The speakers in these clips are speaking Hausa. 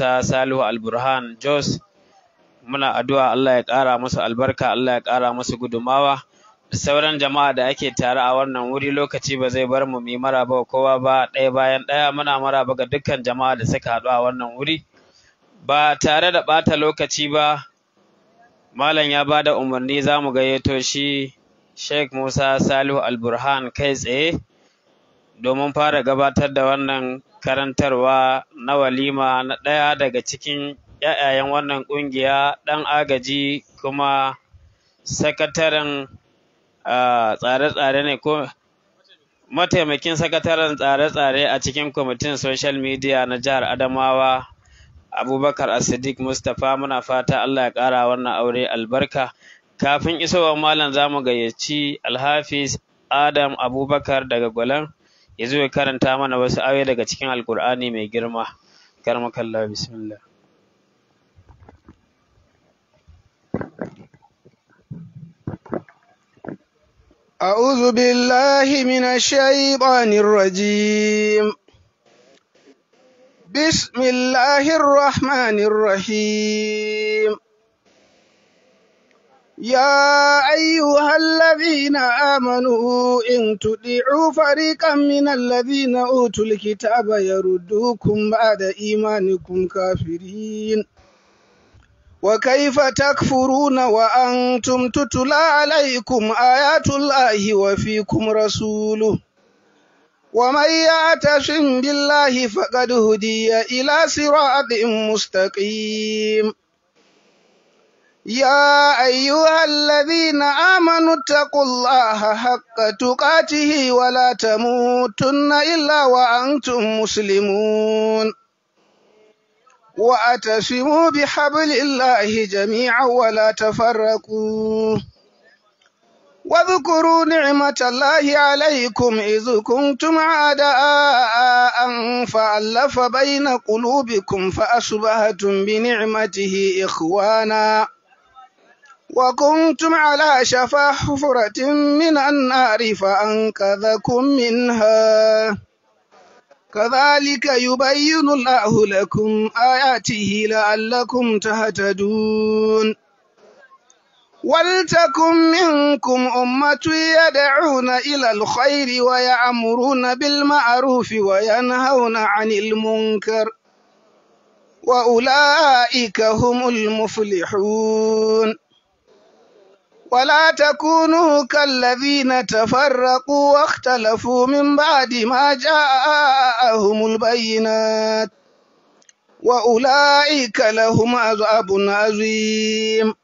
Mr. Salihu Alburhan Jos muna addu'a Allah ya ƙara musu albarka Allah ya ƙara musu gudumawa sauran jama'a da ake tare a wannan wuri lokaci ba zai bar mu mu maraba kowa ba ɗaya bayan ɗaya muna maraba ga dukkan jama'a da suka haɗu a wannan wuri ba tare da ɓata lokaci ba malam ya ba da umarni za mu gayyato shi Sheikh Musa Salihu Alburhan kai tsaye domin fara gabatar da wannan karantarwa na walima na ɗaya daga cikin ‘ya'yayen wannan ƙungiya ɗan agaji kuma sakataren tsare-tsare ne ko mataimakin sakataren tsare-tsare a cikin kwamitin social media na jihar adamawa abubakar asidik mustapha muna fata allah ya ƙara wannan aure albarka kafin isowar malam zamu gayyaci alhafiz adam abubakar daga gwalan ya zo ya karanta mana wasu aure daga cikin alkur'ani mai girma karmakallah bismillah أعوذ بالله من الشيطان الرجيم بسم الله الرحمن الرحيم يا أيها الذين آمنوا إن تطيعوا فريقا من الذين أوتوا الكتاب يردوكم بعد إيمانكم كافرين وكيف تكفرون وأنتم تتلى عليكم آيات الله وفيكم رسوله ومن يعتشم بالله فقد هدي إلى صراط مستقيم يا أيها الذين آمنوا اتقوا الله حق تقاته ولا تموتن إلا وأنتم مسلمون وأتسموا بحبل الله جميعا ولا تفرقوا واذكروا نعمة الله عليكم إذ كنتم عداء فألف بين قلوبكم فأصبحتم بنعمته إخوانا وكنتم على شفا حفرة من النار فأنقذكم منها كذلك يبين الله لكم آياته لعلكم تهتدون ولتكن منكم أمة يدعون إلى الخير ويأمرون بالمعروف وينهون عن المنكر وأولئك هم المفلحون ولا تكونوا كالذين تفرقوا واختلفوا من بعد ما جاءهم البينات وأولئك لهم عذاب عظيم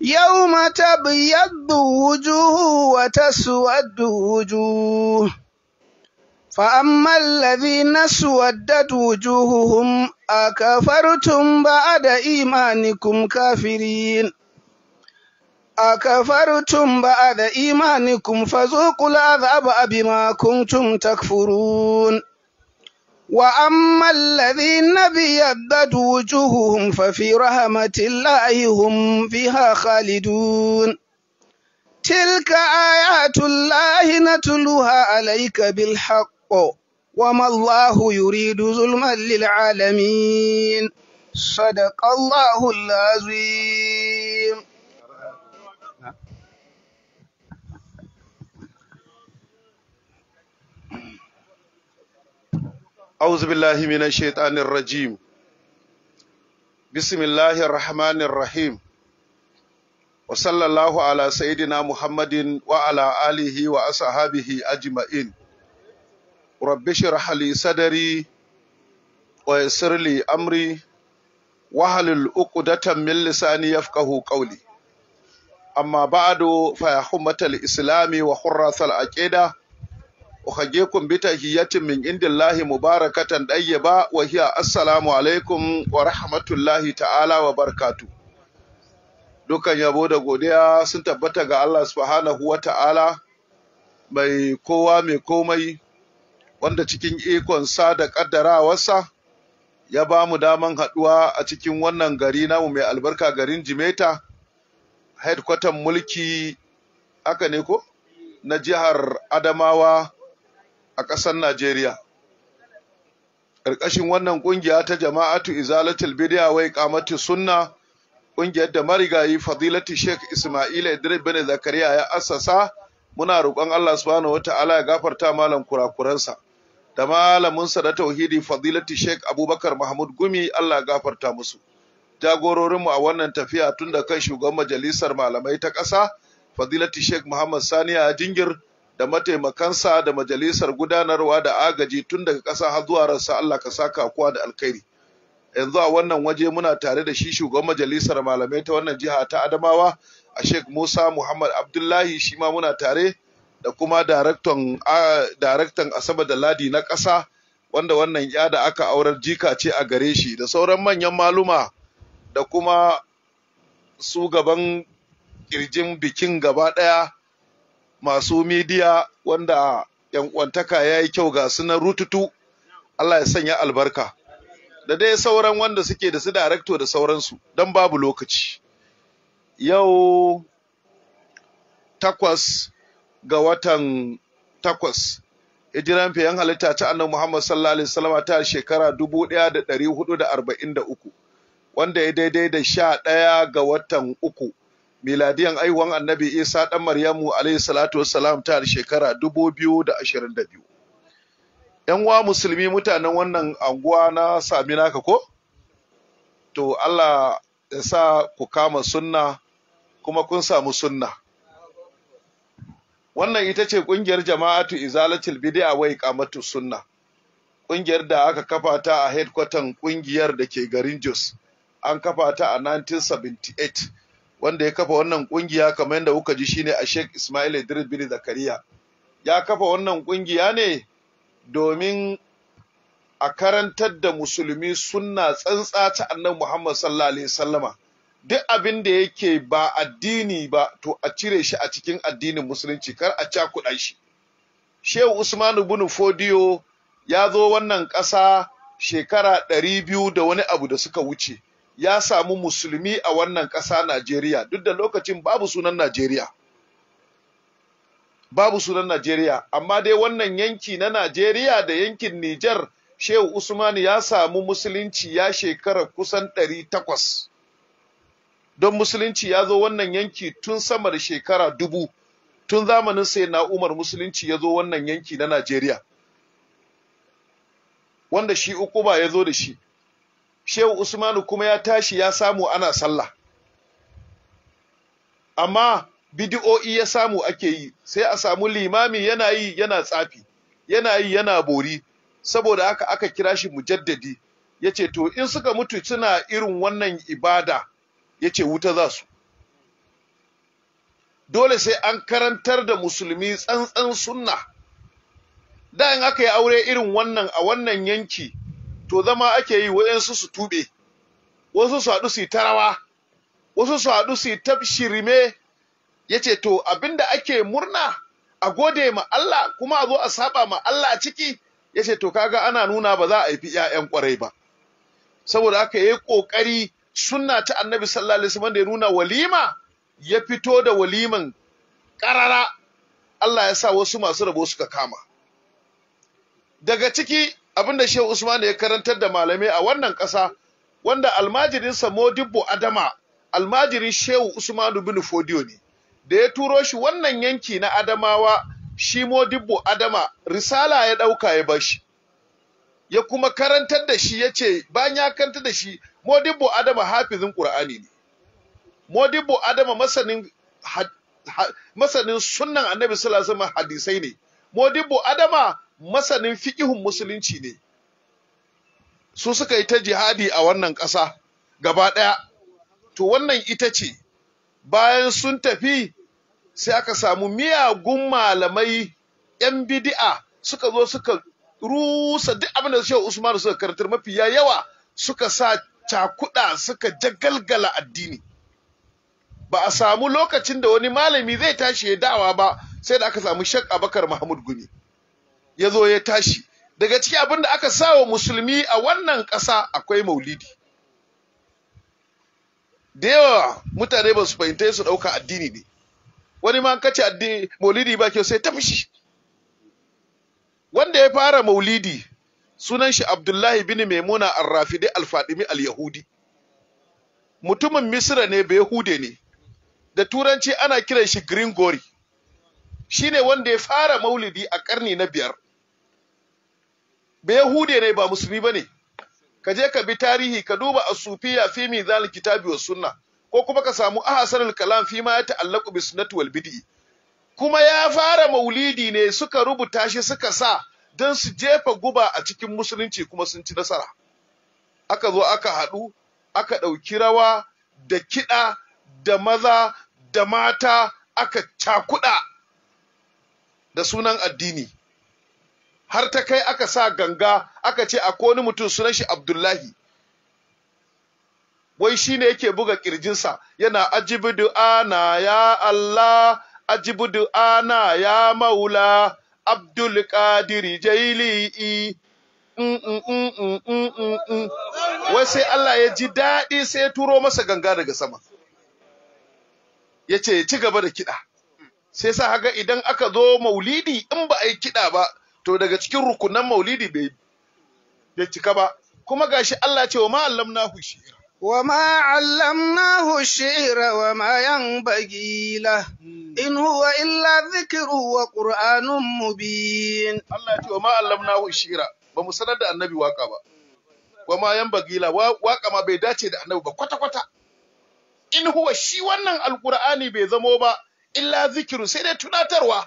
يوم تبيض وجوه وتسود وجوه فأما الذين اسودت وجوههم أكفرتم بعد إيمانكم كافرين أكفرتم بعد إيمانكم فذوقوا العذاب بما كنتم تكفرون وأما الذين ابيضت وجوههم ففي رحمة الله هم فيها خالدون تلك آيات الله نتلوها عليك بالحق وما الله يريد ظلما للعالمين صدق الله العظيم أعوذ بالله من الشيطان الرجيم بسم الله الرحمن الرحيم وصلى الله على سيدنا محمد وعلى آله وأصحابه أجمعين رب اشرح لي صدري ويسر لي أمري وهل عقدة من لساني يفقه قولي أما بعد فيا حمة الإسلام وحراث العقيدة min بتهية من Mubarakatan الله ba طيبة وهي السلام alaikum rahmatullahi ta'ala wa barkatu. dukan yabo da godiya sun tabbata ga Allah subhanahu wa ta'ala mai kowa mai komai wanda cikin ikon sa da ƙaddarawarsa ya ba mu daman haɗuwa a cikin wannan gari namu mai albarka garin Jimeta, headquarter mulki haka ne ko? na jihar Adamawa a ƙasar Najeriya. Ƙarƙashin wannan ƙungiya ta jama'atu izalatul bidiya wai ƙamatu sunna ƙungiyar da marigayi Fadilati Sheikh Ismaila Idris bin Zakariya ya assasa muna roƙon Allah subhanahu wata'ala ya gafarta malam kurakuransa da malaminsa da tauhidi Fadilati Sheikh Abubakar Mahmud Gumi Allah ya gafarta musu. Jagororinmu a wannan tafiya tun da kan shugaban majalisar malamai ta ƙasa Fadilati Sheikh Muhammad Saniya Jingir da mataimakansa da majalisar gudanarwa da agaji tun daga ƙasa har zuwa rasa Allah ka saka kuwa da alkhairi yanzu a wannan waje muna tare da shi shugaban majalisar malamai ta wannan jiha ta Adamawa a Sheikh Musa Muhammad Abdullahi shi ma muna tare da kuma daraktan daraktan Asaba da Ladi na ƙasa wanda wannan ya da aka aurar jika ce a gare shi da sauran manyan maluma da kuma su gaban kirjin bikin gaba ɗaya masu midiya wanda yankwantaka ya yi kyau ga su na rututu Allah ya sanya albarka da dai sauran wanda suke da su darakto da sauransu don babu lokaci yau takwas ga watan takwas hijiran fiye halitta ta annabi Muhammad sallallahu alaihi wasallam ta shekara 1443 wanda ya daidai da sha 11 ga watan uku miladiyan aihuwan annabi isa ɗan maryamu alaihi salatu wassalam ta shekara 2022 yan wa musulmi mutanen wannan anguwa na sami naka ko to allah ya sa ku kama sunna kuma kun samu sunna wannan ita ce ƙungiyar jama'atu izalatul bid'a wa iqamatu sunna ƙungiyar da aka kafa ta a headquarter ƙungiyar da ke garin Jos an kafa ta a 1978 wanda ya kafa wannan kungiya kamar yadda kuka ji shine a Sheikh Ismail Idris bin Zakariya ya kafa wannan kungiya ne domin a karantar da musulmi sunna tsantsa ta annabi Muhammad sallallahu alaihi wasallama duk abin da yake ba addini ba to a cire shi a cikin addinin musulunci kar a cakuɗa shi Shehu Usman ibn Fodiyo ya zo wannan ƙasa shekara ɗari biyu da wani abu da suka wuce ya samu musulmi a wannan ƙasa Najeriya duk da lokacin babu sunan Najeriya babu sunan Najeriya amma dai wannan yanki na Najeriya da yankin Nijar Shehu Usman ya samu musulunci ya shekara kusan ɗari takwas don musulunci ya zo wannan yanki tun sama da shekara dubu tun zamanin sai na Umar musulunci ya zo wannan yanki na Najeriya wanda shi ukuba ya zo da shi shehu usmanu kuma ya tashi ya samu ana sallah amma bidi'o'i ya samu ake yi sai a samu limami yana yi yana tsafi yana yi yana bori saboda haka aka kira shi mujaddadi yace to in suka mutu suna irin wannan ibada yace wuta za su dole sai an karantar da musulmi tsantsan sunna da in aka yi aure irin wannan a wannan yanki to zama ake yi waɗansu su tube wasu su haɗu su yi tarawa wasu su haɗu su yi tafshirme ya to abinda ake murna a gode ma Allah kuma a zo a saba ma Allah a ciki yace to kaga ana nuna ba za a haifi ‘ya'yan kwarai ba saboda haka ya yi ƙoƙari sunna ta annabi sallallahu alaihi wasallam da ya nuna walima ya fito da waliman ƙarara Allah ya sa wasu masu rabo suka kama daga ciki abinda Shehu Usman ya karantar da malamai a wannan ƙasa wanda almajirinsa Modibbo Adama almajirin Shehu Usmanu bin fodio ne da ya turo shi wannan yanki na Adamawa shi Modibbo Adama risala ya ɗauka ya bashi ya kuma karantar da shi ya ce bayan ya karantar da shi Modibbo Adama hafizin Ƙur'ani ne Modibbo Adama masanin masanin sunnan Annabi sallallahu alaihi wasallam hadisai ne Modibbo Adama masanin fiƙihun musulunci ne su suka yi ta jihadi a wannan ƙasa gaba ɗaya to wannan ita ce bayan sun tafi sai aka samu miyagun malamai 'yan bidi'a suka zo suka rusa duk abin da shehu usman suka karantar mafi yawa suka sa cakuɗa suka jagalgala addini ba a samu lokacin da wani malami zai tashi ya dawa ba sai da aka samu shek abakar mahmud gumi ya zo ya tashi daga ciki abin da aka sa wa musulmi a wannan ƙasa akwai maulidi da yawa mutane ba su fahimta su ɗauka addini ne wani ma kace addini maulidi ba ke sai ta fushi wanda ya fara maulidi sunan shi abdullahi bin maimuna arrafidi alfadimi al-yahudi mutumin Misira ne bai hude ne da turanci ana kiran shi green gori shine wanda ya fara maulidi a karni na biyar ba yahude ne ba musulmi bane? ka je ka bi tarihi ka duba Asufiya sufiya fi kitabi wa sunna ko kuma ka samu ahsanul kalam fi ma ya ta'allaqu bi sunnati wal bid'i kuma ya fara maulidi ne suka rubuta shi suka sa don su jefa guba a cikin musulunci kuma sun ci nasara aka zo aka haɗu aka ɗauki rawa da kiɗa da maza da mata aka cakuɗa da sunan addini har ta kai aka sa ganga aka ce ko wani mutum sunan shi Abdullahi wai shine yake buga ƙirjinsa? yana ajibu du'ana ya Allah ajibu du'ana ya maula Abdul Qadir Jailii mm, mm, mm, wai sai Allah ya ji daɗi sai ya turo masa ganga daga sama ya ce ci gaba da kiɗa sai sa haga idan aka zo maulidi in ba a yi kiɗa ba to daga cikin rukunan maulidi bai bai cika ba kuma gashi Allah ce wa ma'allamnahu shi'ra wa ma'allamnahu shi'ra wa ma bagila, hmm. in huwa illa dhikru wa qur'anun mubin Allah ce wa ma'allamnahu shi'ra ba mu sanar da annabi waka ba wa ma bagila. waka ma bai dace da annabi ba kwata kwata in huwa shi wannan alqur'ani bai zamo ba illa zikiru sai dai tunatarwa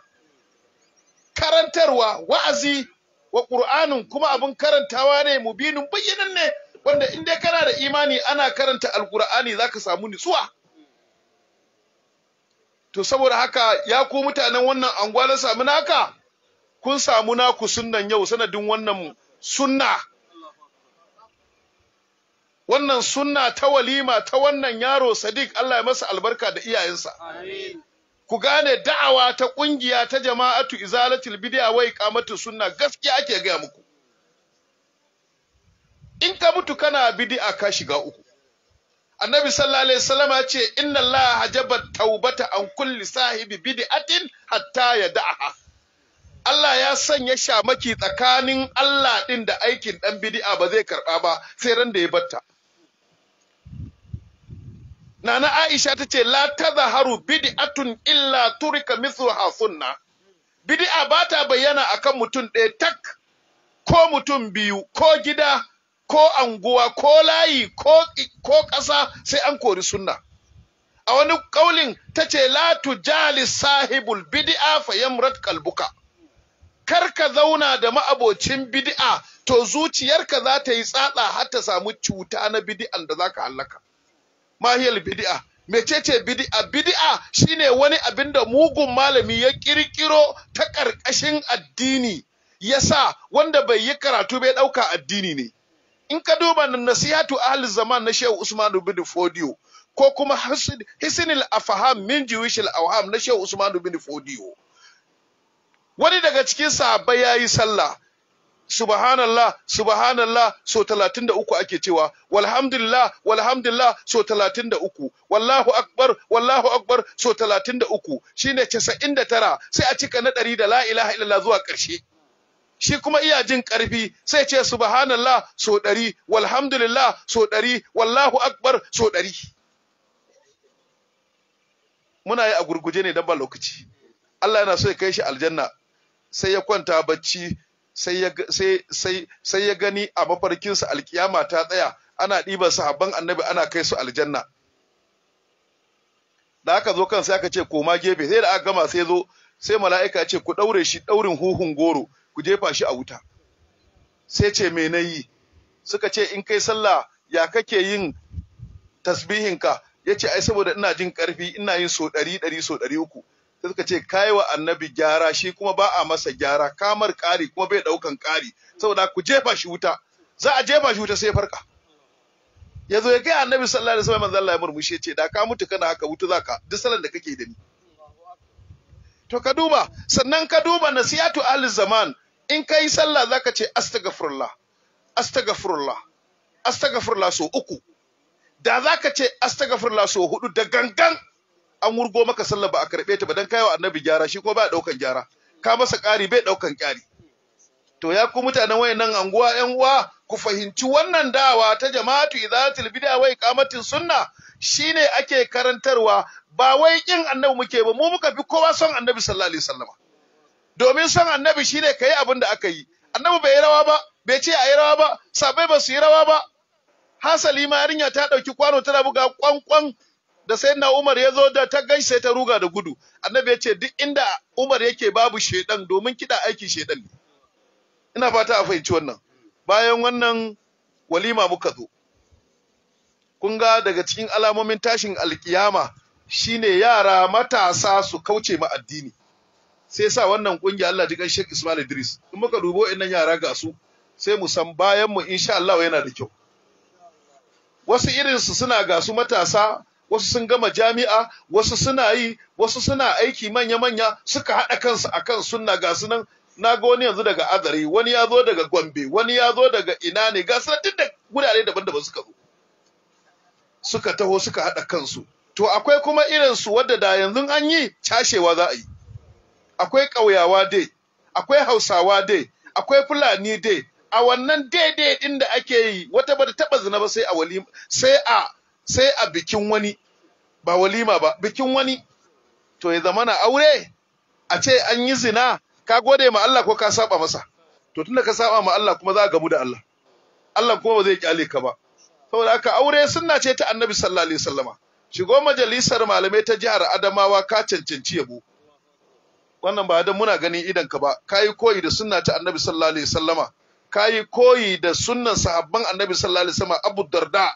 karantarwa wa'azi wa qur'anin kuma abin karantawa ne mubinin bayyanan ne wanda in dai kana da imani ana karanta alqur'ani zaka samu nutsuwa to saboda haka ya ku mutanen wannan anguwa na samu naka kun samu naku sunnan yau sanadin wannan sunna wannan sunna ta walima ta wannan yaro sadiq Allah ya masa albarka da iyayensa amin ku gane da'awa ta kungiya ta jama'atu izalatul bid'a wa iqamatu sunna gaskiya ake gaya muku in ka mutu kana bid'a ka shiga uku annabi sallallahu alaihi wasallam ya ce inna allaha hajaba taubata an kulli sahibi bid'atin hatta ya da'a." Allah ya sanya shamaki tsakanin Allah din da aikin dan bid'a ba zai karba ba sai ran da ya batta Nana Aisha ta ce, La ta zaharu bid'atun illa turika mithluha sunna. Bid'a ba ta bayyana a kan mutum ɗaya tak, ko mutum biyu, ko gida, ko anguwa, ko layi, ko ƙasa sai an kori sunna. A wani ƙaulin ta ce, La jali sahibul bid'a fa yamrat kalbuka. Kar ka zauna da ma'abocin bid'a to zuciyarka za ta yi tsatsa har ta samu cuta na bid'an da za ka hallaka. mahiyal bid'a mecece Bidi'a bid'a shine wani abin da mugun malami ya ƙirƙiro ta ƙarƙashin addini Ya sa wanda bai yi karatu bai ɗauka addini ne in ka duba nasihatu ahli zaman na Shehu Usman bin Fodiyo ko kuma hisinil afaham min jiwishil awham na Shehu Usman bin Fodiyo wani daga cikin sahabbai yi sallah subhanallah subhanallah so 33 ake cewa walhamdulillah walhamdulillah so 33 wallahu akbar wallahu akbar so 33 shine 99 sai a cika na 100 da la ilaha illallah zuwa ƙarshe shi kuma iya jin ƙarfi sai ce subhanallah so ɗari walhamdulillah so ɗari wallahu akbar so ɗari muna yi a gurguje ne don ba lokaci Allah yana so ya kai shi aljanna sai ya kwanta bacci sai ya gani a mafarkinsa alkiyama ta tsaya ana ɗiban sahabban annabi ana kai su aljanna da aka zo kansa, ya aka ce koma gefe sai da aka gama sai zo sai mala'ika ce ku ɗaure shi ɗaurin huhun goro ku jefa shi a wuta sai ce me na yi suka ce in kai sallah ya kake yin tasbihinka ya ce ai saboda ina jin ƙarfi ina yin so ɗari ɗari so ɗari uku sai suka ce kai wa annabi gyara shi kuma ba a masa gyara kamar kari kuma bai ɗaukan kari saboda ku jefa shi wuta za a jefa shi wuta sai farka yazo ya kai annabi sallallahu alaihi wasallam manzo Allah ya murmushi ce da ka mutu kana haka wuta zaka duk salon da kake da ni to ka duba sannan ka duba nasiyatu ahli zaman in kai sallah zaka ce astaghfirullah astaghfirullah astaghfirullah so uku da zaka ce astaghfirullah so hudu da gangan an wurgo maka sallah ba a karɓe ta ba dan kaiwa annabi gyara shi ko ba ɗaukan gyara ka masa ƙari bai ɗaukan ƙari to ya ku mutanen wayannan anguwa 'yan uwa ku fahimci wannan dawa ta jama'atu idatul bid'a wai qamatin sunna shine ake karantarwa ba wai kin annabi muke ba mu muka fi kowa son annabi sallallahu alaihi wasallama domin son annabi shine kai abin da aka yi annabi bai rawa ba bai ce a yi rawa ba sabai ba su yi rawa ba hasali ma yarinya ta dauki kwano tana buga kwankwan da sai sayyidina Umar ya zo da ta gaishe ta ruga da gudu annabi ya ce duk inda Umar yake babu shedan domin kida aiki shedan ne ina fata a fahimci wannan bayan wannan walima muka zo kun ga daga cikin alamomin tashin alkiyama shine yara matasa su kauce ma addini sai sa wannan kungiya Allah ji kan Sheikh Ismail Idris in muka dubo innan yara ga su sai mu san bayan mu insha Allah yana da kyau wasu irin su suna ga su matasa wasu sun gama jami'a wasu suna yi wasu suna aiki manya-manya suka haɗa kansu akan sunna ga su nan na ga wani yanzu daga azare wani ya zo daga gombe wani ya zo daga ina ne ga su duk da gurare daban-daban suka zo suka taho suka haɗa kansu to akwai kuma irin su wadda da yanzu an yi cashewa za a yi akwai ƙauyawa dai akwai hausawa dai akwai fulani dai a wannan daidai ɗin da ake yi wata ba ta taɓa zina ba sai a walima, sai a sai a bikin wani ba walima ba bikin wani to ya zama na aure a ce an yi zina ka gode ma Allah ko ka saba masa to tunda ka saba ma Allah kuma za ka gamu da Allah Allah kuma ba zai kyale ka ba saboda haka aure sunna ce ta Annabi sallallahu alaihi wasallama shigo majalisar malamai ta jihar Adamawa ka cancanci yabo wannan ba dan muna ganin idan ka ba kai koyi da sunna ta Annabi sallallahu alaihi wasallama kai koyi da sunnan sahabban Annabi sallallahu alaihi wasallama Abu Darda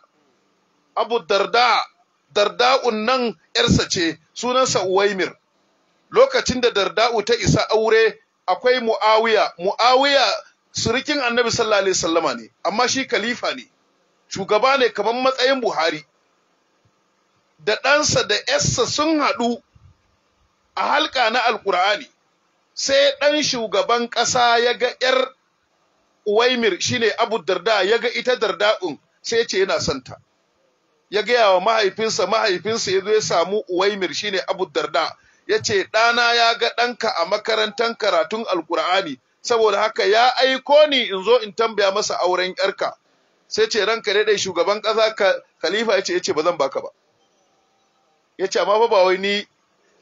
abu darda darda'un nan ƴarsa ce sunansa uwaimir lokacin da darda'u ta isa aure akwai mu'awiya mu'awiya surikin annabi sallallahu alaihi sallama ne amma shi khalifa ne shugaba ne kamar matsayin buhari da ɗansa da ƴarsa sun haɗu a halka na alkur'ani sai ɗan shugaban ƙasa ya ga ƴar uwaimir shine abu darda ya ga ita darda'un sai ce yana santa. ta ya gaya wa mahaifinsa mahaifinsa ya zo ya samu uwaimir shine abu darda ya ce ɗana ya ga ɗanka a makarantar karatun alkur'ani saboda haka ya aiko ni in zo in tambaya masa auren yarka sai ce ranka daidai shugaban ƙasa khalifa ya ce ya ba zan baka ba ya ce amma ba wai ni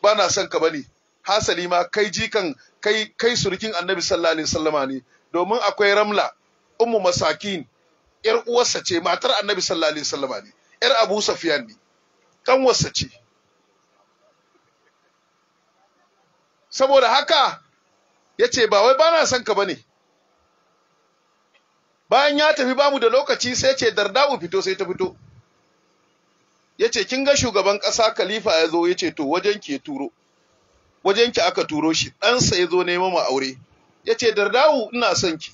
ba na son ka bane hasali ma kai jikan kai kai surkin annabi sallallahu alaihi wasallama ne domin akwai ramla ummu masakin yar uwarsa ce matar annabi sallallahu alaihi wasallama ne yar abu safiyan ne wasa ce saboda haka ya ce ba wai ba na son ka ba ne bayan ya tafi bamu da lokaci sai ce darda'u fito sai ta fito ya ce kin ga shugaban ƙasa khalifa ya zo ya ce to wajen ya turo wajen ki aka turo shi ɗansa ya zo nema mu aure ya ce dardawu ina son ki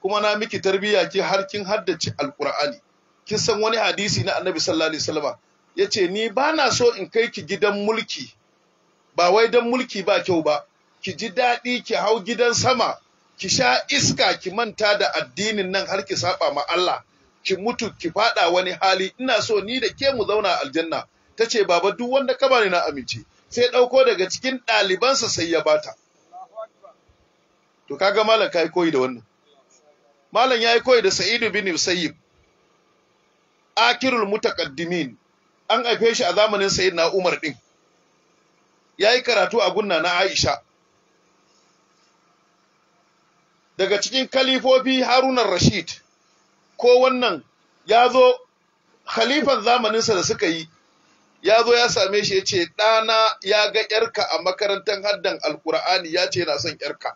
kuma na miki tarbiyya ki har kin haddace alƙur'ani kin san wani hadisi na annabi sallallahu alaihi wasallam ya ce ni ba na so in kai ki gidan mulki ba wai dan mulki ba kyau ba ki ji daɗi ki hau gidan sama ki sha iska ki manta da addinin nan har ki saba ma Allah ki mutu ki faɗa wani hali ina so ni da ke mu zauna aljanna ta ce baba duk wanda ka bani na amince sai ɗauko daga cikin ɗalibansa sai ya bata to kaga malam ka yi koyi da wannan malam ya yi koyi da sa'idu bin usayyib akirul mutakaddimin an haife shi a zamanin sayyidina Umar din yayi karatu a gunna na Aisha daga cikin kalifofi Harun rashid ko wannan ya zo zamanin sa da suka yi yazo ya same shi yace ce ɗana ya ga ‘yarka a makarantar haddan alkur'ani yace ce yana son ‘yarka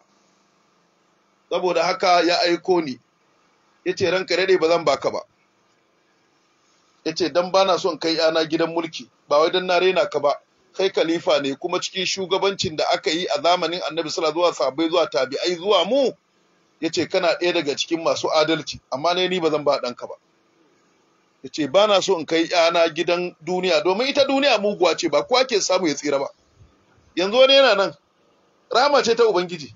saboda haka ya aiko ni yace ce ranka daidai ba zan baka ba ya ce don bana son kai yana gidan mulki ba wai don na rena ka ba kai khalifa ne kuma cikin shugabancin da aka yi a zamanin annabi sala zuwa sabai zuwa tabi'ai zuwa mu ya ce kana ɗaya daga cikin masu adalci amma ne ni ba zan ba ɗanka ba ya ce ba na so kai yana gidan duniya domin ita duniya muguwa ce ba kowa ke samu ya tsira ba yanzu wani yana nan rama ce ta ubangiji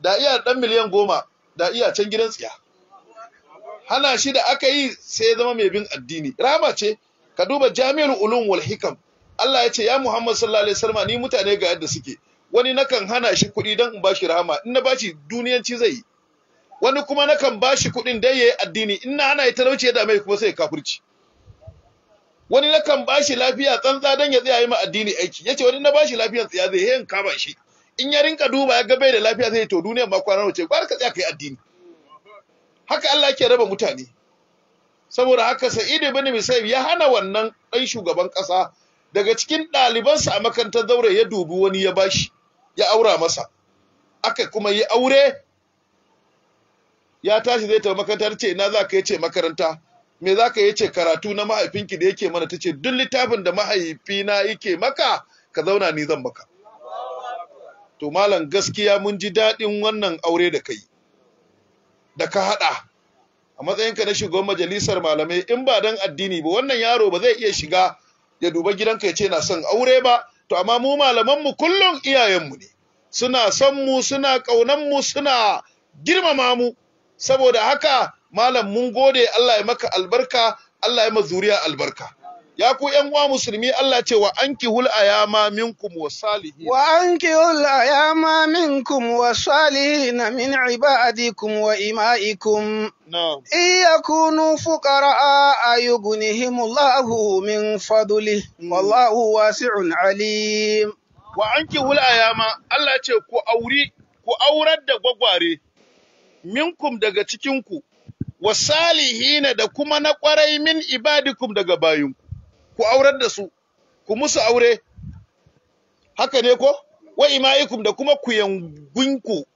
da iya ɗan miliyan goma da iya can gidan tsiya hana shi da aka yi sai ya zama mai bin addini rama ce ka duba jami'ar ulum wal hikam Allah ya ce ya Muhammad sallallahu alaihi wasallam ni mutane ga yadda suke wani nakan hana shi kuɗi don in bashi rahama in na bashi duniyanci zai yi wani kuma nakan bashi kuɗin dan yayi addini in na hana ya talauci ya dame kuma sai ya kafirci wani nakan bashi lafiya tsantsa dan ya tsaya yi ma addini aiki yace wani na bashi lafiyan tsaya zai yin kama shi in ya rinka duba ya ga bai da lafiya zai to duniyar ma kwana wuce gwar ka tsaya kai addini haka Allah ke raba mutane saboda haka Sa'idu bin Musayyib ya hana wannan ɗan shugaban kasa daga cikin ɗalibansa a makarantar zaure ya dubi wani ya bashi ya aura masa aka kuma yi aure ya tashi zai tafi makarantar ce ina za ka yace makaranta me za ka yace karatu na mahaifinki da yake mana tace duk littafin da mahaifina yake maka ka zauna ni zan maka to malam gaskiya mun ji daɗin wannan aure da kai da ka haɗa a matsayinka na shugaban majalisar malamai in ba dan addini ba wannan yaro ba zai iya shiga ya duba gidanka ya ce na son aure ba to amma mu malamanmu kullum iyayenmu ne suna son mu suna ƙaunan mu suna girmama mu saboda haka malam mun gode Allah ya maka albarka Allah ya ma zuriya albarka ya ku ƴan uwa musulmi Allah ce wa anki hul ayama minkum wasalihin wa hul ayama minkum wasalihin min ibadikum wa imaikum na'am in yakunu fuqara ayughnihimullahu min faduli. Hmm. wallahu wasi'un alim wa anki hul ayama Allah ce ku auri ku aurar da gwagware minkum daga cikinku na da kuma na kwarai min ibadikum daga bayinku ku aurar da su ku musu aure haka ne ko wa ima'ikum da kuma ku yangunku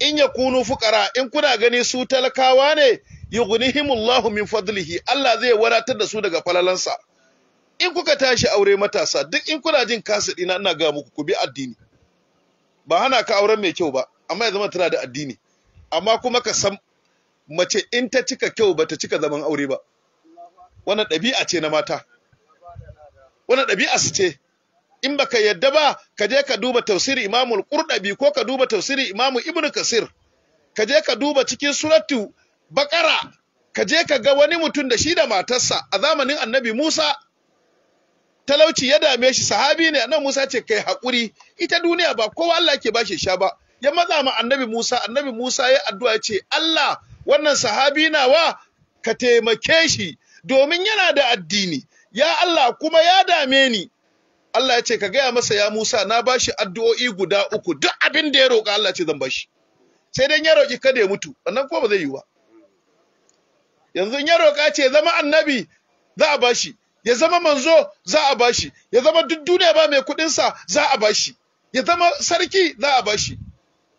in ya kunu fukara in kuna gani su talakawa ne yughnihimullahu min fadlihi Allah zai wadatar da su daga falalansa in kuka tashi aure matasa duk in kuna jin kasidi na ina ga muku ku bi addini ba hana ka auren mai kyau ba amma ya zama tana da addini amma kuma ka san mace in ta cika kyau ba ta cika zaman aure ba wannan ɗabi'a ce na mata Wani ɗabi'a su ce in baka yadda ba ka je ka duba tafsiri imamul qurdabi ko ka duba tafsiri imamu ibnu kasir ka je ka duba cikin suratu bakara ka je ka ga wani mutum da shi da matarsa a zamanin annabi musa talauci ya dame shi sahabi ne annabi musa ce kai haƙuri ita duniya ba kowa allah ke bashi sha ba ya maza ma annabi musa annabi musa ya addu'a ya ce allah wannan sahabi nawa ka taimake shi domin yana da addini ya Allah kuma ya dame ni Allah ya ce ka gaya masa ya Musa na bashi addu'o'i guda uku duk abin da ya roƙa Allah ce zan bashi sai dan ya roƙi kada ya mutu wannan ko ba zai yi ba yanzu ya roƙa ce zama annabi za a bashi ya zama manzo za a bashi ya zama duk duniya ba mai kuɗin sa za a bashi ya zama sarki za a bashi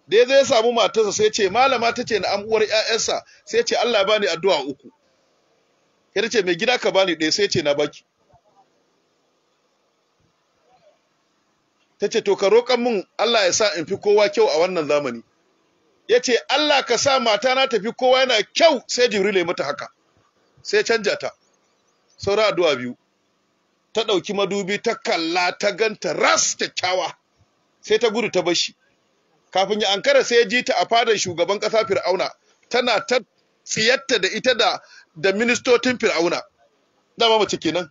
da ya zo ya samu matarsa sai ce malama tace na amuwar uwar ƴaƴansa sai ce Allah bani addu'a uku ya ce mai gida ka bani ɗaya sai ce na baki ta ce to ka roƙan mun Allah ya sa in fi kowa kyau a wannan zamani ya ce Allah ka sa mata na tafi kowa yana kyau sai jibril ya mata haka sai canja ta saura addu'a biyu ta ɗauki madubi ta kalla ta ganta ras kyakkyawa sai ta gudu ta bashi kafin ya ankara sai ya ji ta a fadar shugaban ƙasa fir'auna tana ta tsiyatta da ita da da ministocin fir'auna mu mace kenan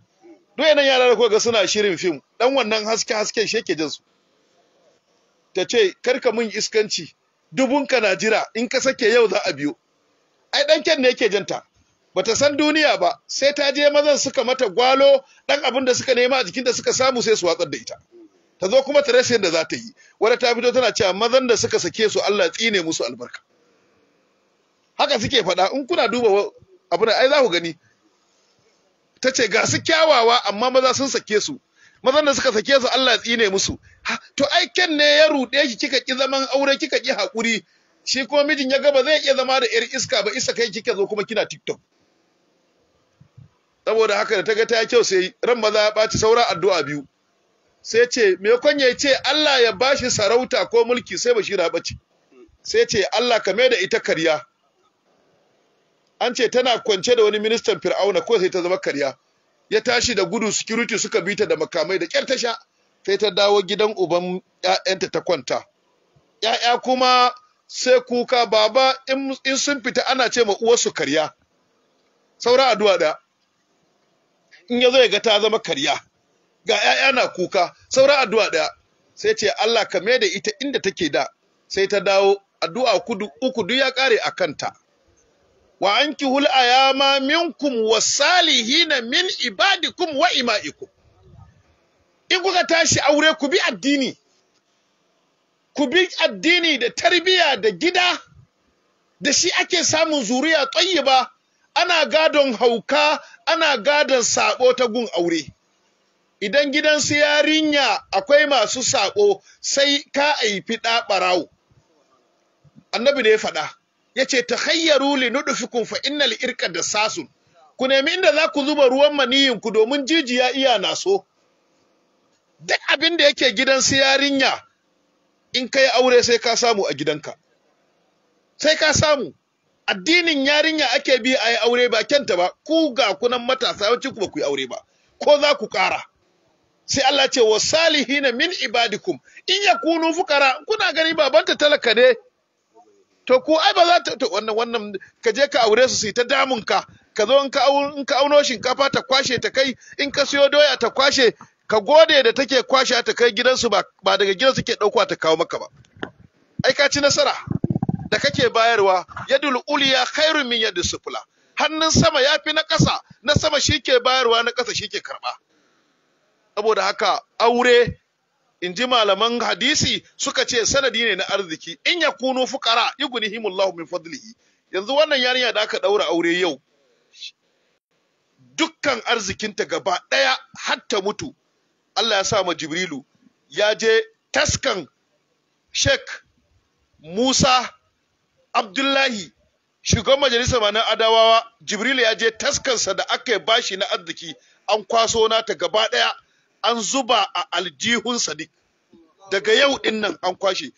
duk yanan yara da ga suna shirin fim dan wannan haske haske shi yake jin su ta ce karka mun iskanci dubunka na jira in ka sake yau za a biyo ai dan ken ne yake jinta bata san duniya ba sai ta je mazan suka mata gwalo dan abin da suka nema a jikin da suka samu sai su watsar da ita ta zo kuma ta rasa yadda za ta yi wadda ta fito tana cewa mazan da suka sake su Allah tsine musu albarka haka suke faɗa in kuna duba abin ai za ku gani ta ce ga su kyawawa amma maza sun sake su mazan da suka sake su Allah tsine musu to ai ken ne ya ruɗe ki kika ki zaman aure kika ki haƙuri shi kuma mijin ya ga ba zai iya zama da yar iska ba isa kai kika zo kuma kina tiktok saboda haka da ta ga ta kyau sai ran maza ya ɓaci saura addu'a biyu sai ce me kon ya ce Allah ya bashi sarauta ko mulki sai bashira bace sai ce Allah ka mai da ita karya an ce tana kwance da wani ministan fir'auna ko sai ta zama karya ya tashi da gudu security suka bi ta da makamai da kyar tasha. sai ta dawo gidan uban ƴaƴanta ta kwanta ƴaƴa kuma sai kuka baba in sun fita ana ce ma uwarsu karya saura addu'a da in yazo ya ga ta zama karya ga ƴaƴa na kuka saura addu'a da sai ce Allah ka da ita inda take da sai ta dawo addu'a kudu uku duk ya kare a kanta wa ankihul ayama minkum wasalihina min ibadikum wa ima'ikum in kuka tashi aure ku bi addini ku bi addini da tarbiya da gida da shi ake samun zuriya tayyiba ana gadon hauka ana gadon saɓo ta gun aure idan gidan su yarinya akwai masu saɓo, sai ka aifi ɗa ɓarawo annabi da ya faɗa yace hayyaru li nudfikum fa innal irqa Sasun. ku nemi inda za ku zuba ruwan maniyin ku domin jijiya iya naso. so duk abin da yake gidan su yarinya in kai aure sai ka samu a gidanka sai ka samu addinin yarinya ake bi a yi aure ba kyanta ba ku ga kunan matasa yawancin ku ba ku yi aure ba ko za ku ƙara sai Allah ce wa salihina min ibadikum in yakunu fuqara kuna gani babanta talaka ne to ko ai ba za ta to wannan wannan ka je ka aure su su ta damun ka ka zo in ka in ka auno shinkafa ta kwashe ta kai in ka siyo doya ta kwashe ka gode da take kwashe ta kai gidansu ba ba daga gidansu ke ɗauka ta kawo maka ba ai ka ci nasara da kake bayarwa yadul uliya khairun min yadis sufla hannun sama yafi na ƙasa na sama shike bayarwa na ƙasa shike karba saboda haka aure in ji malaman hadisi suka ce sanadi ne na arziki in ya kunu fuqara yughnihimullahu min fadlihi yanzu wannan yarinya da aka daura aure yau dukkan arzikinta gaba daya har ta mutu Allah ya sa ma Jibrilu ya je taskan Sheikh Musa Abdullahi shugaban majalisar ma na Adawawa Jibrilu ya je taskansa da aka bashi na arziki an kwaso nata gaba daya an zuba a aljihun sadiq daga yau din nan an kwashe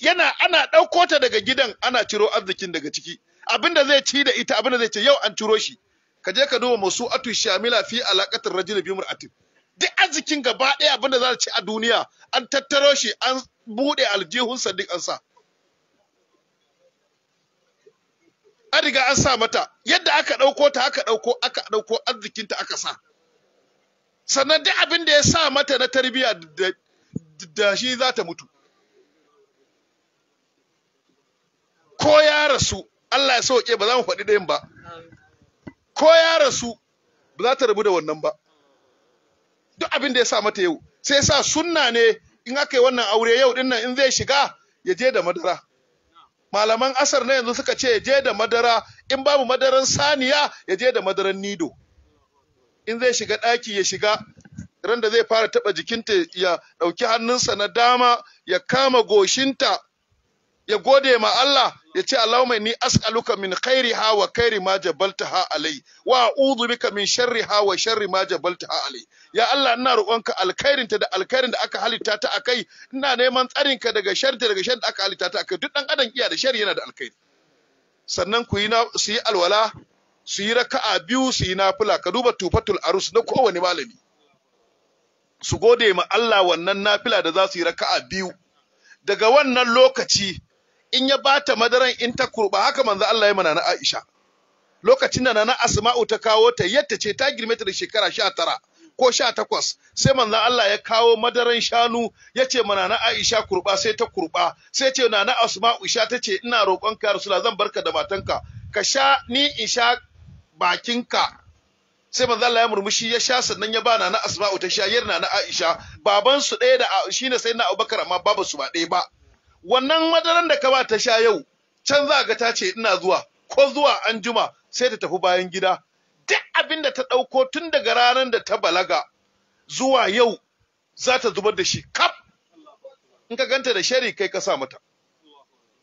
yana ana ɗauko ta daga gidan ana ciro arzikin daga ciki abinda zai ci da ita abinda zai ce yau an ciro shi ka je ka duba masu atu shamila fi alaqatir rajul bi mar'atin duk arzikin gaba ɗaya abinda za ci a duniya an tattaro shi an buɗe aljihun sadiq an sa an riga an sa mata yadda aka ɗauko ta aka ɗauko aka ɗauko arzikinta aka sa sannan duk abin da ya sa mata na tarbiyya da shi za ta mutu ko ya rasu Allah ya sauke ba za mu faɗi ɗayan ba ko ya rasu ba za ta rabu da wannan ba duk abin da ya sa mata yau sai sa sunna ne in aka yi wannan aure yau ɗin nan in zai shiga ya je da madara malaman asar na yanzu suka ce ya je da madara in babu madaran saniya ya je da madaran nido in zai shiga ɗaki ya shiga ran da zai fara taɓa jikinta ya ɗauki hannunsa na dama ya kama goshinta ya gode ma Allah ya ce Allah mai ni as'aluka min khairi ha wa khairi ma jabalta ha alai wa a'udhu bika min sharri ha wa sharri ma jabalta ha alai ya Allah ina roƙonka alkhairin ta da alkhairin da aka halitta ta akai ina neman tsarin ka daga sharri daga sharri da aka halitta ta akai duk dan adam iya da sharri yana da alkhairi sannan ku yi na su yi alwala su yi raka'a biyu su yi nafila ka duba tufatul arus na kowane malami su gode ma Allah wannan nafila da za su yi raka'a biyu daga wannan lokaci in ya bata madaran in ta kurba haka manzo Allah ya mana na Aisha lokacin da Nana Asma'u ta kawo ta yadda ce ta girme ta da shekara 19 ko 18 sai manzo Allah ya kawo madaran shanu yace mana na Aisha kurba sai ta kurba sai ce nana Asma'u ta tace ina roƙonka ya Rasulullah zan barka da matanka ka sha ni in sha bakinka sai manzo Allah ya murmushi ya sha sannan ya ba na Asma'u ta sha yarna na Aisha baban su ɗaya da shine sai na Abubakar amma babu su ba ɗaya ba wannan madaran da ka ba ta sha yau can za ga ta ce ina zuwa ko zuwa anjima sai ta tafi bayan gida duk abin da ta ɗauko tun daga ranar da ta balaga zuwa yau za ta zubar da shi kaf in ka ganta da shari kai ka sa mata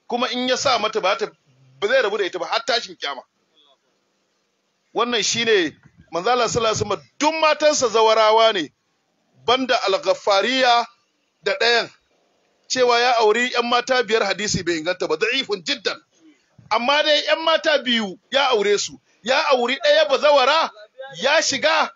kuma in ya sa mata ba ta ba zai rabu da ita ba har tashin kyama wannan shine manzo Allah sallallahu alaihi wasallam duk matansa zawarawa ne banda al da ɗayan cewa ya auri ‘yan mata biyar hadisi bai inganta ba, da'ifin jiddan. Amma dai ‘yan mata biyu ya aure su, ya auri ɗaya ba zawara, ya shiga,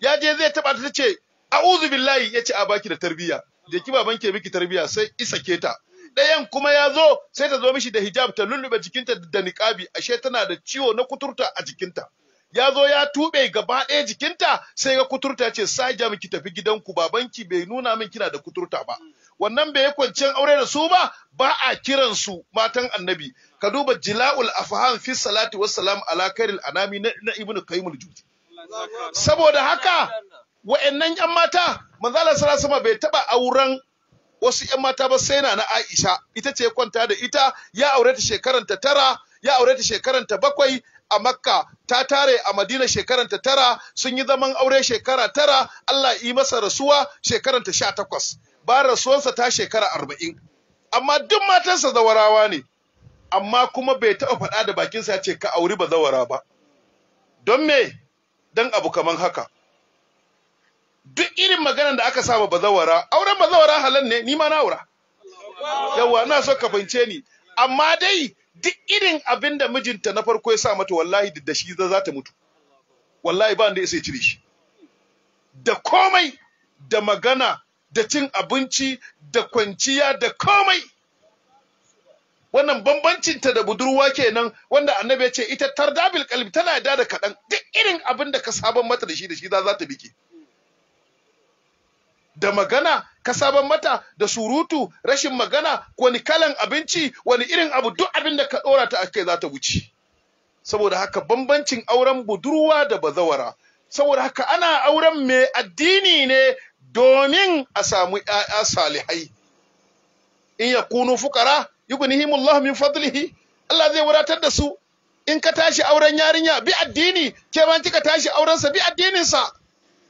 ya je zai taɓa ta ce, a'udhu billahi ya ce a baki da tarbiyya, da ki baban ke miki tarbiyya sai isa ke ta. Ɗayan kuma ya zo sai ta zo mishi da hijab ta lullube jikinta da niƙabi, ashe tana da ciwo na kuturta a jikinta. ya zo ya tube gaba ɗaya jikinta sai ga kuturta ce saja miki tafi gidanku babanki bai nuna min kina da kuturta ba wannan bai kwanciyar aure da su ba ba a kiran su matan annabi ka duba jila'ul afham fi salati wassalam ala kairil anami na ibnu qayyimul juti saboda haka wa'annan yan mata manzo Allah sallallahu bai taba auren wasu yan mata ba sai na na Aisha ita ce kwanta da ita ya aure ta shekarar ta tara ya aure ta shekarar ta bakwai a makka ta tare a madina ta tara sun yi zaman aure shekara tara allah yi masa rasuwa ta sha takwas ba rasuwansa ta shekara arba'in amma duk matansa zawarawa ne amma kuma bai taɓa faɗa da bakinsa ya ce ka auri ba zawara ba don me don abu kaman haka duk irin maganar da aka saba bazawara auren bazawara halan ne ni ma na aura yawa na so ka fahimce ni amma dai duk irin abin da mijinta na farko ya sa mata wallahi da shi za ta mutu wallahi ba da ya sai cire shi da komai da magana da cin abinci da kwanciya da komai wannan bambancinta da budurwa kenan wanda annabi ya ce ita tardabil qalbi tana da da kadan duk irin abin da ka saban mata da shi da shi za ta bike da magana ka saban mata da surutu rashin magana wani kalan abinci wani irin abu duk abin da ka ɗora ta akai za ta wuce saboda haka bambancin auren budurwa da bazawara saboda haka ana auren mai addini ne domin a samu ‘ya'ya salihai in ya kunu fukara yughnihimullahu min fadlihi Allah zai wadatar da su in ka tashi auren yarinya bi addini ke kika tashi aurensa bi addininsa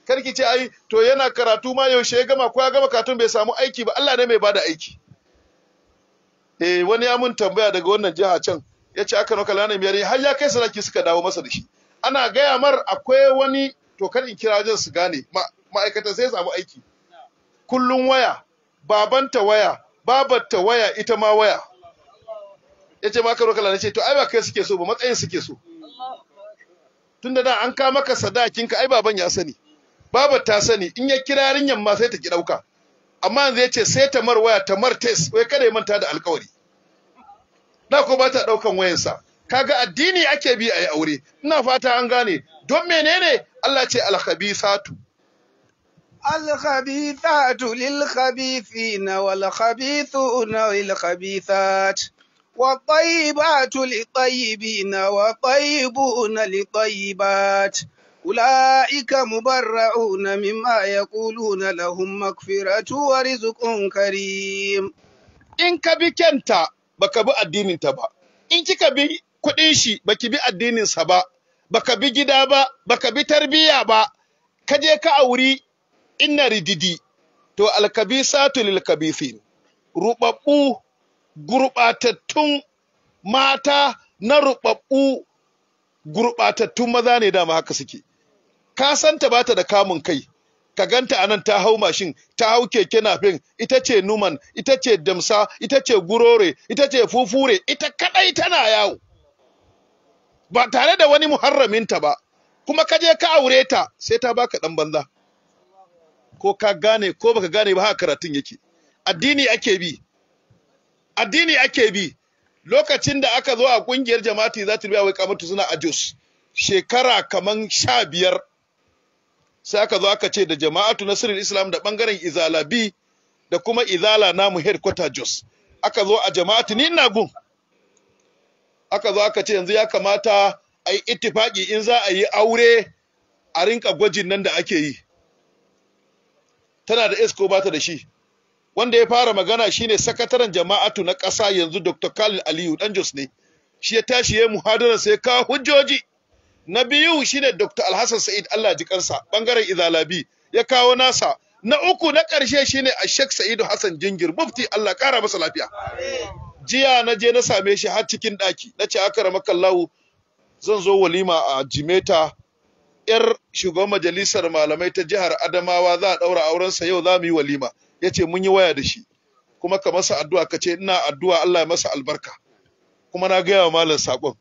kar ki ce ai to yana karatu ma yaushe ya gama ko ya gama karatun bai samu aiki ba Allah ne mai bada aiki eh wani ya mun tambaya daga wannan jiha can ya ce aka nokala na miyari har ya kai sadaki suka dawo masa da shi ana gaya mar akwai wani to kar in kira wajen su gane ma'aikatan sai samu aiki kullun waya babanta waya babarta waya ita ma waya ya ce maka rokala na ce to ai ba kai suke so ba matsayin suke so tunda da an ka maka ka, ai baban ya sani baba ta sani in ya kira yarinyar ma sai ta ki dauka amma yanzu ya ce sai mar waya ta test wai kada ya manta da alƙawari. na ko ba ta daukan wayansa kaga addini ake bi a yi aure ina fata an gane don menene Allah ce alkhabisatu الخبيثات للخبيثين والخبيثون للخبيثات والطيبات للطيبين والطيبون للطيبات أولئك مبرعون مما يقولون لهم مغفرة ورزق كريم in ka bi kyanta baka bi addininta ba in kika bi kuɗin shi baki bi addininsa ba baka bi gida ba baka bi tarbiyya ba ka je ka auri inna rididi to alkabisatu lil kabisin rubabbu gurbatattun mata na ruɓaɓu gurɓatattun maza ne dama haka suke ka san ta bata da kamun kai ka ganta anan ta hau mashin ta hau keke nafin ita ce numan ita ce damsa ita ce gurore ita ce fufure ita kadai tana yawo ba tare da wani muharraminta ba kuma ka je ka aure ta sai ta baka dan banza ko ka gane ko baka gane ba haka karatun yake addini ake bi addini ake bi lokacin da aka zo a kungiyar jama'ati za ta biya wai kamatu suna a shekara kaman sha biyar sai aka zo aka ce da jama'atu na nasirin islam da bangaren izala da kuma izala namu headquarter jos aka zo a jama'atu ni ina gun aka zo aka ce yanzu ya kamata a yi ittifaki in za a yi aure a rinka gwajin nan da ake yi tana da esko bata da shi wanda ya fara magana shine sakataren jama'atu na ƙasa yanzu dr khalil aliyu dan jos ne shi ya tashi ya muhadarar sai ka hujjoji na biyu shine Dr. Alhassan Sa'id Allah ji kansa bangaren Izalabi ya kawo nasa na uku na karshe shine a shek Sa'idu Hassan Jingir mufti Allah kara masa lafiya jiya na je na same shi har cikin ɗaki na ce aka lawu zan zo walima a Jimeta yar shugaban majalisar malamai ta jihar Adamawa za a ɗaura aurensa yau za mu yi walima Yace ce mun yi waya da shi kuma ka masa addu'a ka ce ina addu'a Allah ya masa albarka kuma na gaya wa malam saƙon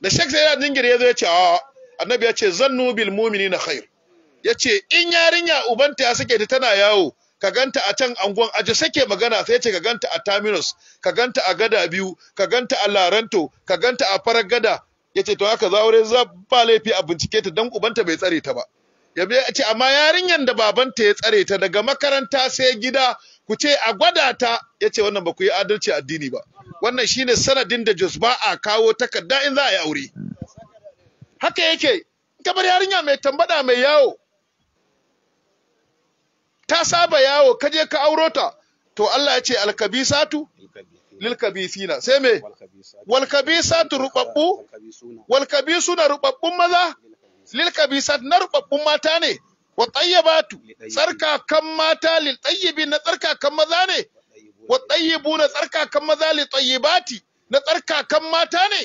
da shek sai ya jingire ya zo ya ce a annabi ya ce zannu bil na khair ya ce in yarinya ubanta ya sake ta tana yawo ka ganta a can angon aji sake magana sai ce ka ganta a terminus ka ganta a gada biyu ka ganta a laranto ka ganta a farar gada ya ce to haka za ba laifi a bincike ta dan ubanta bai tsare ta ba ya ce amma yarinyar da babanta ya tsare ta daga makaranta sai gida ku ce a gwada ta ya ce wannan ba ku yi adalci addini ba wannan shine sanadin da Jos ba a kawo takarda in za a yi aure haka yake kamar yarinya mai tambada mai yawo ta saba yawo kaje ka auro ta to Allah ya ce alkabisatu lilkabisina sai me walkabisatu rubabbu walkabisuna rubabbun maza lilkabisat na rubabbun mata ne wa tayyibatu tsarkakan mata lil tayyibin na tsarkakan maza ne wa na tsarkakan maza li tayyibati na tsarkakan mata ne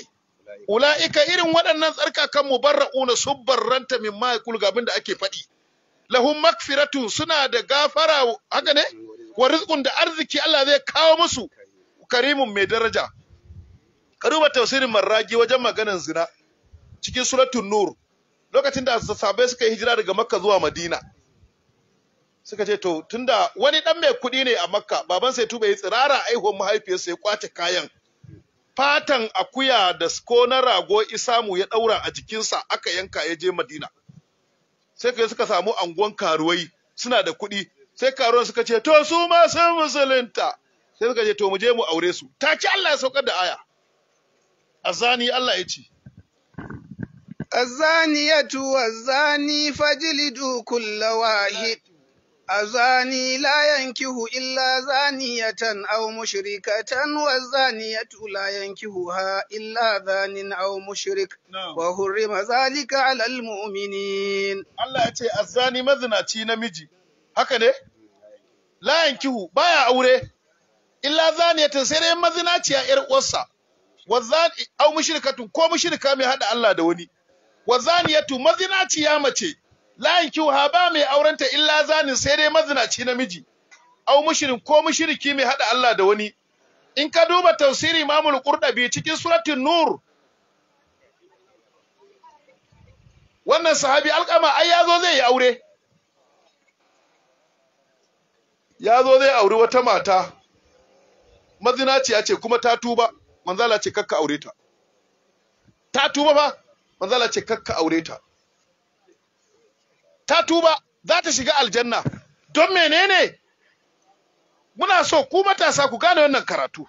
ula'ika irin waɗannan tsarkakan mubarra'una sun barranta min ma gabin da ake faɗi lahum makfiratu suna da gafara haka ne wa rizqun da arziki Allah zai kawo musu karimun mai daraja karuba tafsirin marragi wajen maganar zina cikin suratul nur lokacin da sahabbai suka hijira daga makka zuwa madina suka ce to tunda wani dan mai kuɗi ne a makka baban sai tuba ya tsirara aihuwar mahaifiyarsa ya kwace kayan fatan akuya da ko na rago isamu ya daura a jikinsa aka yanka ya je madina sai kai suka samu anguwan karuwai suna da kuɗi sai karuwan suka ce to su ma sun musulunta sai suka ce to mu je mu aure su ta ci Allah ya saukar da aya azani Allah ya ce الزانية والزاني فاجلدوا كل واحد azani la yankihu illa zaniyatan aw mushrikatan wa zaniyatu la yankihu ha illa zanin aw mushrik wa hurrima zalika ala al mu'minin Allah ya ce azani mazinaci namiji haka ne la yankihu baya aure illa zaniyatan sai dai mazinaciya yar uwarsa wa zani aw mushrikatun ko mushrika mai hada Allah da wani wa zaniyatu mazinaciya mace ki yankiha ba mai aurenta illa zanin sai dai mazinaci namiji au mushrik ko mushriki mai hada Allah da wani in ka duba tafsiri Imam al-Qurtubi cikin suratul Nur wannan sahabi alqama ai yazo zai yi aure yazo zai aure wata mata mazinaciya ce kuma ta tuba manzala ce kakka aure ta ta tuba ba manzala ce kakka aure ta ta tuba za ta shiga aljanna don menene muna so ku matasa ku gane wannan karatu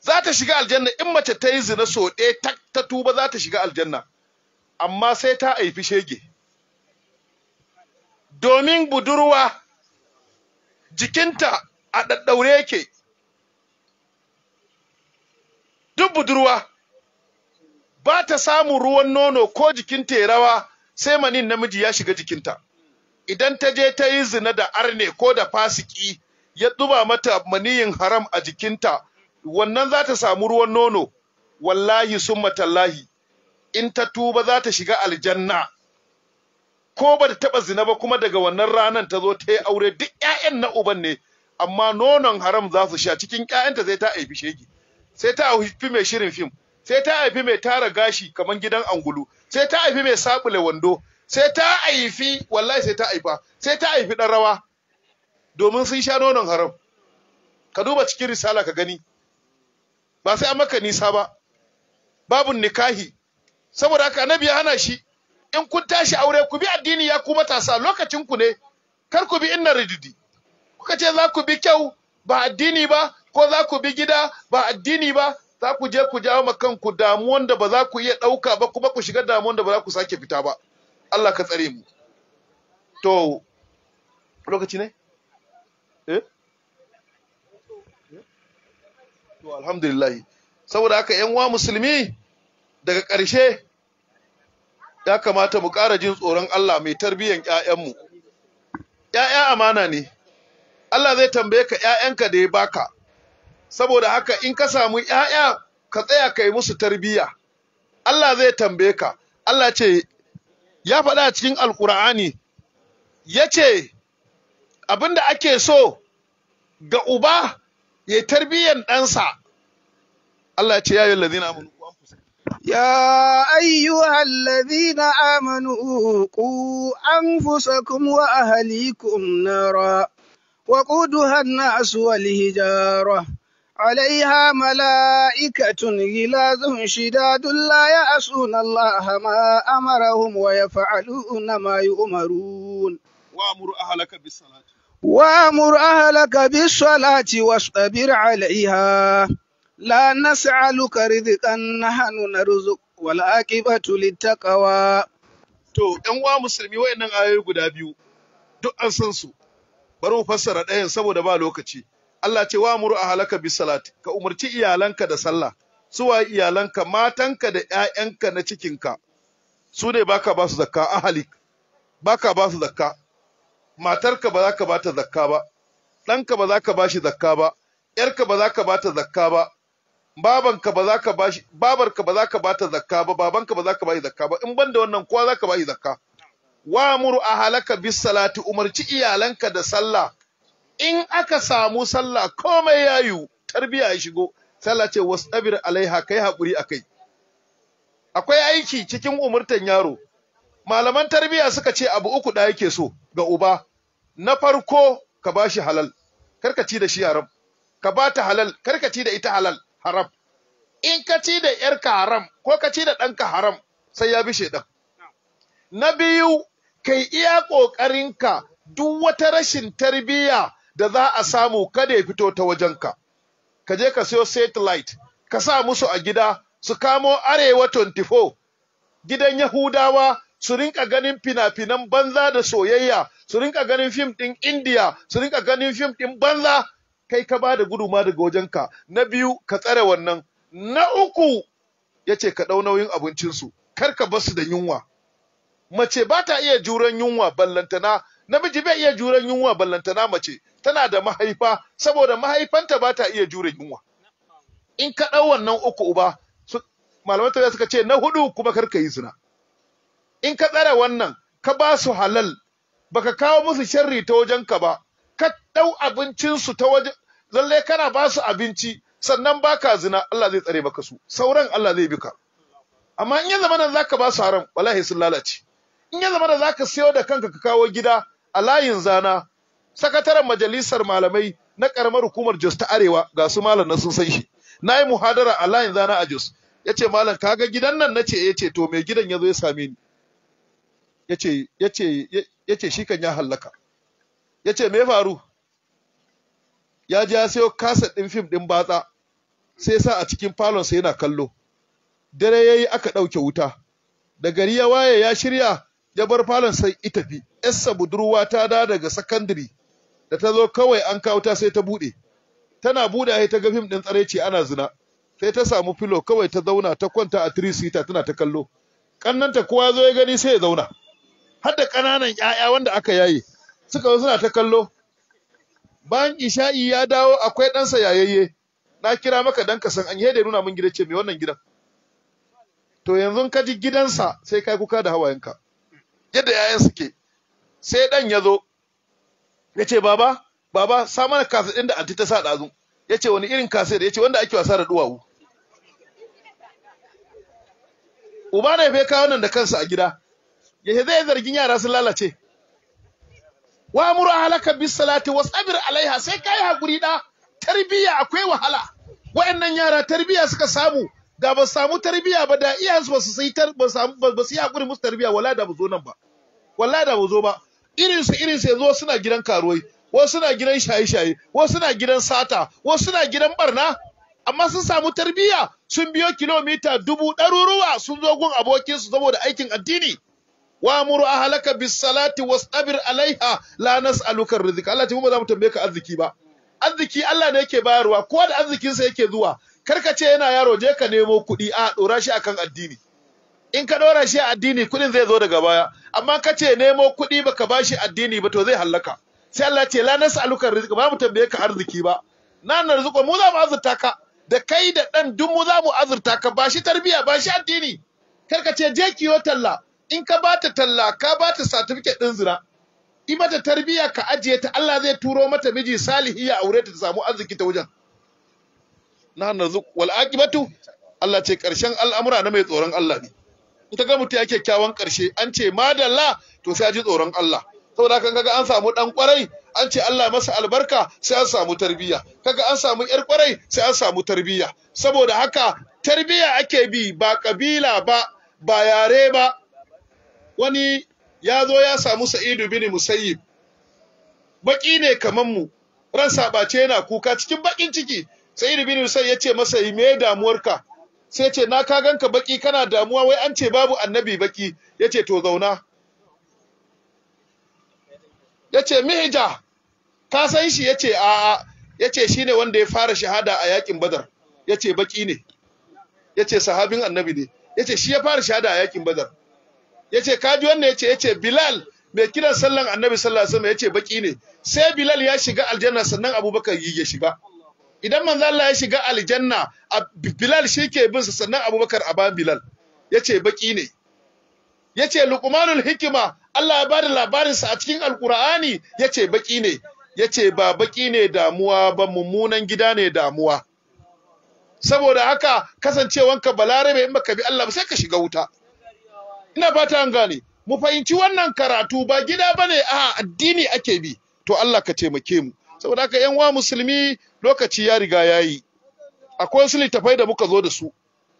za ta shiga aljanna in mace ta yi zina so ɗaya ta tuba za ta shiga aljanna amma sai ta haifi shege domin budurwa jikinta a ɗaɗɗaure yake duk budurwa ba ta samun ruwan nono ko jikinta ya rawa sai manin namiji ya shiga jikinta idan ta je ta yi zina da arne ko da fasiki ya duba mata maniyin haram a jikinta wannan za ta samu ruwan nono wallahi sun matallahi, in ta tuba za ta shiga aljanna ko ba ta taɓa zina ba kuma daga wannan ranar ta zo ta yi aure duk 'ya'yan na uban ne amma nonon haram za su sha cikin 'ya'yanta sai ta aifi shege sai ta aifi mai shirin fim sai ta haifi mai tara gashi kamar gidan angulu sai ta haifi mai sabule wando sai ta haifi wallahi sai ta haifa sai ta haifi ɗan rawa domin sun sha nonon haram ka duba cikin risala ka gani ba sai an maka nisa ba babu nikahi saboda haka annabi ya hana shi in kun tashi aure ku bi addini ya ku matasa lokacin ku ne kar ku bi inna rididi kuka ce za ku bi kyau ba addini ba ko za ku bi gida ba addini ba za ku je ku jawo kanku damuwan da ba za ku iya ɗauka ba kuma ku shiga damuwan da ba za ku sake fita ba Allah ka tsare mu to lokaci ne eh to alhamdulillah saboda haka yan wa musulmi daga ƙarshe ya kamata mu ƙara jin tsoron Allah mai tarbiyyar ƴaƴanmu ƴaƴa amana ne Allah zai tambaye ka ƴaƴanka da ya baka saboda haka in ka samu ‘ya'ya ka tsaya ka yi musu tarbiyya Allah zai tambaye ka Allah ce ya faɗa cikin alƙur'ani ya ce abin da ake so ga uba ya tarbiyyan ɗansa Allah ce ya yi lazina mun يا أيها الذين آمنوا قوا أنفسكم وأهليكم نارا وقودها الناس والهجارة عليها ملائكة غلاظ شداد لا يعصون الله ما أمرهم ويفعلون ما يؤمرون وأمر أهلك بالصلاة وأمر أهلك بالصلاة واصطبر عليها لا نسألك رزقا نحن نرزق والعاقبة للتقوى To, ‘yan uwa musulmi wayannan ayoyi guda biyu, duk an san su, bari mu fassara ɗayan saboda ba lokaci. Allah ce wa muru halaka bi salati ka umarci iyalanka da sallah suwa iyalanka matanka da ƴaƴanka na cikinka su ne baka ba su zakka ahalik baka ba su zakka matarka ba za ka ba ta zakka ba ɗanka ba za ka ba shi zakka ba ƴarka ba za ka ba ta zakka ba babanka ba za ka ba shi babarka ba za ka ba ta zakka ba babanka ba za ka ba shi zakka ba in ban da wannan kowa za ka ba shi zakka wa muru ahalaka bis salati umarci iyalanka da sallah in aka samu sallah komai yayu tarbiya ya shigo sallah ce wastabir alaiha kai hakuri akai akwai aiki cikin umurtan yaro malaman tarbiya suka ce abu uku da yake so ga uba na farko ka bashi halal karka ci da shi haram ka bata halal karka ci da ita halal haram in ka ci da yarka haram ko ka ci da ɗanka haram sai ya bi 'dan. na biyu kai iya ƙoƙarinka duk wata rashin tarbiyya da za a samu kada ya fito ta wajenka ka je ka siyo satellite ka sa musu a gida su kamo arewa 24 gidan yahudawa su rinka ganin fina-finan banza da soyayya su rinka ganin fim ɗin indiya su rinka ganin fim ɗin banza kai ka ba da guduma daga wajenka na biyu ka tsare wannan na uku ya ce ka ɗau nauyin abincinsu kar ka basu da yunwa mace ba ta iya juran yunwa ballantana namiji bai iya jure yunwa ballantana mace tana da mahaifa saboda mahaifanta ba ta iya jure yunwa in ka ɗau wannan uku uba malaman tarbiyya suka ce na hudu kuma kar yi zina in ka tsara wannan ka ba su halal baka kawo musu sharri ta wajen ka ba ka ɗau abincin su ta wajen lalle kana ba su abinci sannan baka zina Allah zai tsare maka su sauran Allah zai bika amma in ya zama nan zaka ba su haram wallahi sun lalace in ya zama da zaka siyo da kanka ka kawo gida a layin zana sakataren majalisar malamai na ƙaramar hukumar Jos ta Arewa ga su malam na sun san shi na yi muhadara a layin zana a Jos ya ce malam kaga gidan nan na ce eh, ya ce to mai gidan ya zo ya same ni ya ce shi kan ya hallaka ya ce me faru ya ji ya sayo kaset ɗin fim ɗin batsa sai sa a cikin falon falonsa yana kallo dare ya yi aka ɗauke wuta da gari ya waye ya shirya ya bar falon sai ita fi. Yassa budurwa ta da daga sakandiri da ta zo kawai an kawo ta sai ta buɗe tana buɗe ta ga fim ɗin ce ana zina sai ta samu filo kawai ta zauna ta kwanta a three seater tana ta kallo kannanta kowa zo ya gani sai ya zauna har da ƙananan 'ya'ya wanda aka yaye suka zo suna ta kallo bayan isha'i ya dawo akwai ɗansa yayayye na kira maka dan ka san an yi da nuna min gidan ce me wannan gidan to yanzu ka ji gidansa sai kai kuka da hawayenka yadda yayan suke sai dan ya zo ya ce baba baba sa mana kasa din da anti ta sa dazu ya ce wani irin kasa da ya ce wanda ake wasa da duwawu uba ne bai kawo nan da kansa a gida ya ce zai zargin yara sun lalace wa amuru halaka bis salati wasabir alaiha sai kai hakuri da tarbiya akwai wahala wayannan yara tarbiya suka samu da ba samu tarbiya ba da iyayensu ba su sai tar ba samu ba su yi hakuri musu tarbiya wala da ba zo nan ba wala da ba zo ba Irin su irin su yanzu suna gidan karuwai wasu suna gidan shaye-shaye wasu suna gidan sata wasu suna gidan barna amma sun samu tarbiyya sun biyo kilomita dubu ɗaruruwa sun zo gun abokinsu saboda aikin addini Wa muru a halaka bis salati wastabir alaiha la nas'aluka rizqa Allah ta mu za mu tambaye ka arziki ba arziki Allah ne yake bayarwa ko da arzikin sa yake zuwa karka ce yana yaro je ka nemo kuɗi a ɗora shi akan addini in ka ɗora shi a addini kuɗin zai zo daga baya amma ka ce nemo kuɗi baka ba shi addini ba to zai hallaka sai Allah ce la nas'aluka rizq ba mu tambaye ka arziki ba na rizqo mu za mu azurta ka da kai da dan duk mu za mu azurta ka ba shi tarbiya ba shi addini kar ka ce je kiyo talla in ka ba ta talla ka ba ta certificate ɗin zina in mata tarbiya ka ajiye ta Allah zai turo mata miji salihi ya aure ta ta samu arziki ta wajen na rizq wal aqibatu Allah ce ƙarshen al'amura na mai tsoron Allah ne ita ga mutum ya kyakkyawan ƙarshe an ce madalla to sai ji tsoron Allah saboda kan kaga an samu dan kwarai an ce Allah masa albarka sai an samu tarbiyya kaga an samu yar kwarai sai an samu tarbiyya saboda haka tarbiyya ake bi ba kabila ba ba yare ba wani ya zo ya samu Sa'idu bin Musayyib baki ne kaman mu ran sabace yana kuka cikin bakin ciki Sa'idu bin Musayyib ya ce masa me damuwarka sai ce na ka ganka baki kana damuwa wai an ce babu annabi baki yace to zauna yace mihija ka san shi yace a a yace shine wanda ya fara shahada a yakin badar yace baki ne yace sahabin annabi ne yace shi ya fara shahada a yakin badar yace ka ji wannan yace yace bilal mai kiran sallan annabi sallallahu alaihi wasallam yace baki ne sai bilal ya shiga aljanna sannan abubakar yi ya shiga idan manzo Allah ya shiga aljanna Bilal shike bin sa sannan Abubakar ba Bilal yace baki ne yace Luqmanul hikima Allah ya bada labarin sa a cikin Alqur'ani yace baki ne yace ba baki ne damuwa ba mummunan gida ne damuwa saboda haka kasancewanka balarabe in baka bi Allah ba sai ka shiga wuta ina fata an gane mu fahimci wannan karatu ba gida bane a addini ake bi to Allah ka taimake mu saboda haka yan wa musulmi lokaci ya riga yayi akwai wasu littafai da muka zo da su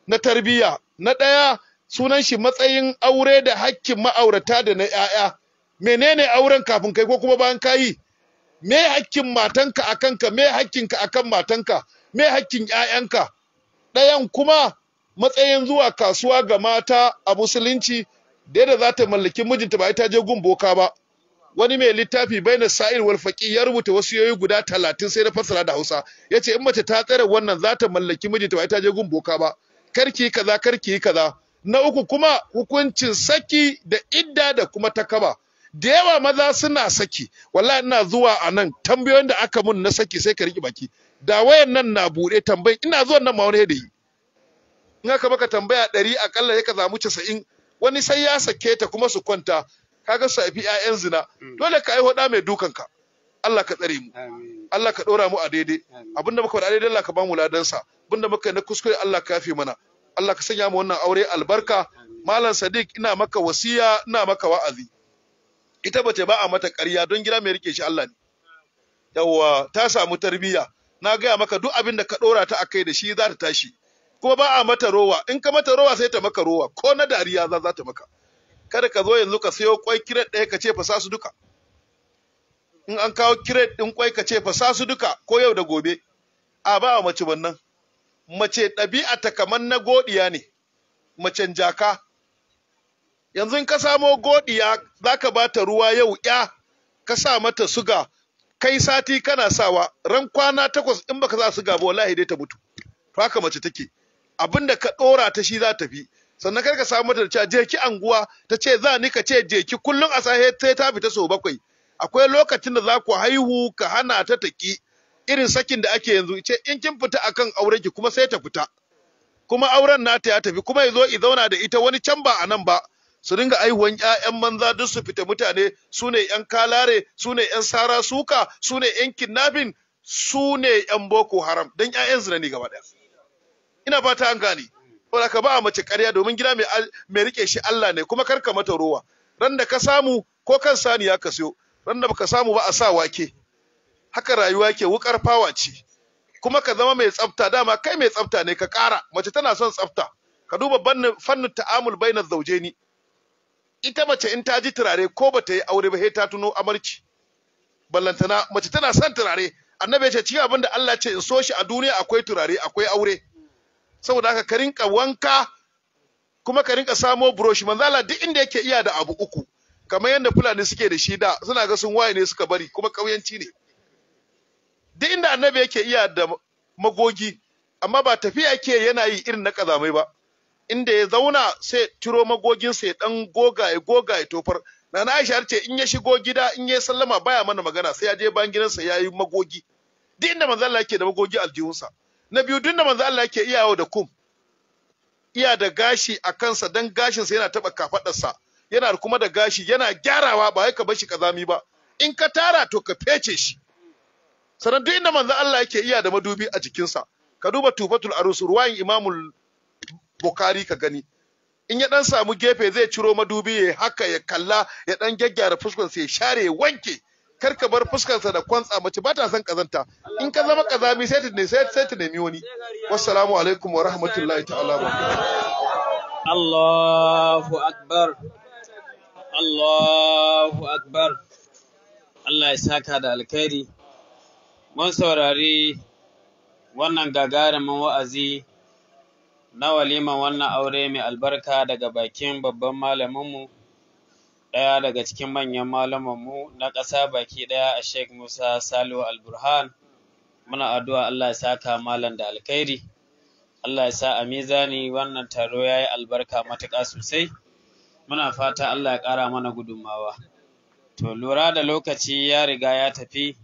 na tarbiyya na ɗaya sunan shi matsayin aure da hakkin ma'aurata da na ƴaƴa. menene auren kafin kai ko kuma bayan kayi me hakkin matanka akan ka? me haƙƙin ka akan matanka me hakkin ƴaƴanka ɗayan kuma matsayin zuwa kasuwa ga mata a musulunci da yadda za ta mallaki mijinta ba ita je gun boka ba wani mai littafi baina sa'il wal ya rubuta wasu yoyi guda talatin, sai na fassara da Hausa Ya ce in mace ta tsere wannan za ta mallaki mijinta ba ta je gun boka ba karki kaza karki kaza na uku kuma hukuncin saki da idda da kuma takaba da yawa maza suna saki wallahi ina zuwa a nan tambayoyin da aka mun na saki sai ka riƙe baki da wayan nan na buɗe tambayi ina zuwa nan ma wani da yi in aka baka tambaya ɗari akalla ya ka zamu casa'in wani sai ya sake ta kuma su kwanta kaga su haifi yayan zina mm. dole ka aiho da mai dukan ka Allah ka tsare mu Allah ka dora mu a daidai abinda muka faɗa daidai Allah ka ba mu ladan sa abinda muka na kuskure Allah ka yafe mana Allah ka sanya mu wannan aure albarka Malam Sadiq ina maka wasiya ina maka wa'azi ita bace ba a mata ƙarya don gida mai rike shi Allah ne yawwa ta samu tarbiyya na gaya maka duk abin da ka ɗora ta a kai da shi za ta tashi kuma ba a mata rowa in ka mata rowa sai ta maka rowa ko na dariya za za ta maka kada ka zo yanzu ka sayo kwai kiret ɗaya ka ce fa su duka in an kawo kiret ɗin kwai ka ce fa su duka ko yau da gobe a ba wa mace wannan mace ɗabi'a ta kamar na godiya ne macen jaka yanzu in ka samo godiya za ka ba ta ruwa yau ya ka sa mata suga kai sati kana sawa ran kwana takwas in baka za suga ba wallahi dai ta mutu to haka mace take abinda ka ɗora ta shi za ta fi sannan kar ka samu da cewa je ki anguwa ta ce za ni ka ce je ki kullum a sahe sai ta fita so bakwai akwai lokacin da za ku haihu ka hana ta taki irin sakin da ake yanzu ce in kin fita akan auren ki kuma sai ta fita kuma auren nata ya tafi kuma yazo i zauna da ita wani can ba a nan ba su ringa aihuwan ƴaƴan manza duk su fita mutane su ne ƴan kalare su ne ƴan sara suka su ne ƴan kidnapping su ne ƴan boko haram dan ƴaƴan zina ne gaba ɗaya ina fata an gani saboda ka ba mace ƙarya domin gida mai rike shi Allah ne kuma karka mata ruwa, ran da ka samu ko kan saniya ka siyo ran da baka samu ba a sa wake haka rayuwa ke wukar fawa ce kuma ka zama mai tsafta dama kai mai tsafta ne ka ƙara mace tana son tsafta ka duba fannin ta'amul baina zaujeni ita mace in ta ji turare ko ba ta yi aure ba sai ta tuno amarci ballantana mace tana son turare annabi ya ce cikin abin da Allah ce in so shi a duniya akwai turare akwai aure saboda haka ka rinka wanka kuma ka rinka samo brush manzo Allah duk inda yake iya da abu uku kamar yadda fulani suke da shi da suna ga sun waye ne suka bari kuma kauyanci ne duk inda annabi yake iya da magogi amma ba tafiya yake yana yi irin na kazamai ba inda ya zauna sai tiro magoginsa ya dan goga ya goga ya tofar Nana Aisha ce in ya shigo gida in ya sallama baya mana magana sai ya je bayan gidansa ya yi magogi duk inda manzo Allah yake da magogi aljihunsa na biyu duk da manzo Allah yake iyawo da kum iya da gashi a kansa dan gashin sa yana taba kafadarsa yana kuma da gashi yana gyarawa ba ka bar shi kazami ba in ka tara to ka fece shi sanan duk inda manzo Allah yake iya da madubi a sa ka duba tufatul arus ruwan imamul bukhari ka gani in ya dan samu gefe zai ciro madubi ya haka ya kalla ya dan gyaggyara fuskar sa ya share ya wanke kar ka bar fuskarsa da kwantsa mace ba ta son kazanta in ka zama kazami sai ta ne sai ta nemi wani wassalamu alaikum wa rahmatullahi ta'ala wa Allahu akbar Allahu akbar Allah ya saka da alkhairi mun saurari wannan gagarumin wa'azi na walima wannan aure mai albarka daga bakin babban malaminmu ɗaya daga cikin manyan malaman mu na ƙasa baki ɗaya a Sheikh Musa Salihu Al-Burhan. Muna addu'a Allah ya saka malam da alkhairi. Allah ya sa a mizani wannan taro ya yi albarka matuƙa sosai. Muna fata Allah ya ƙara mana gudunmawa. To lura da lokaci ya riga ya tafi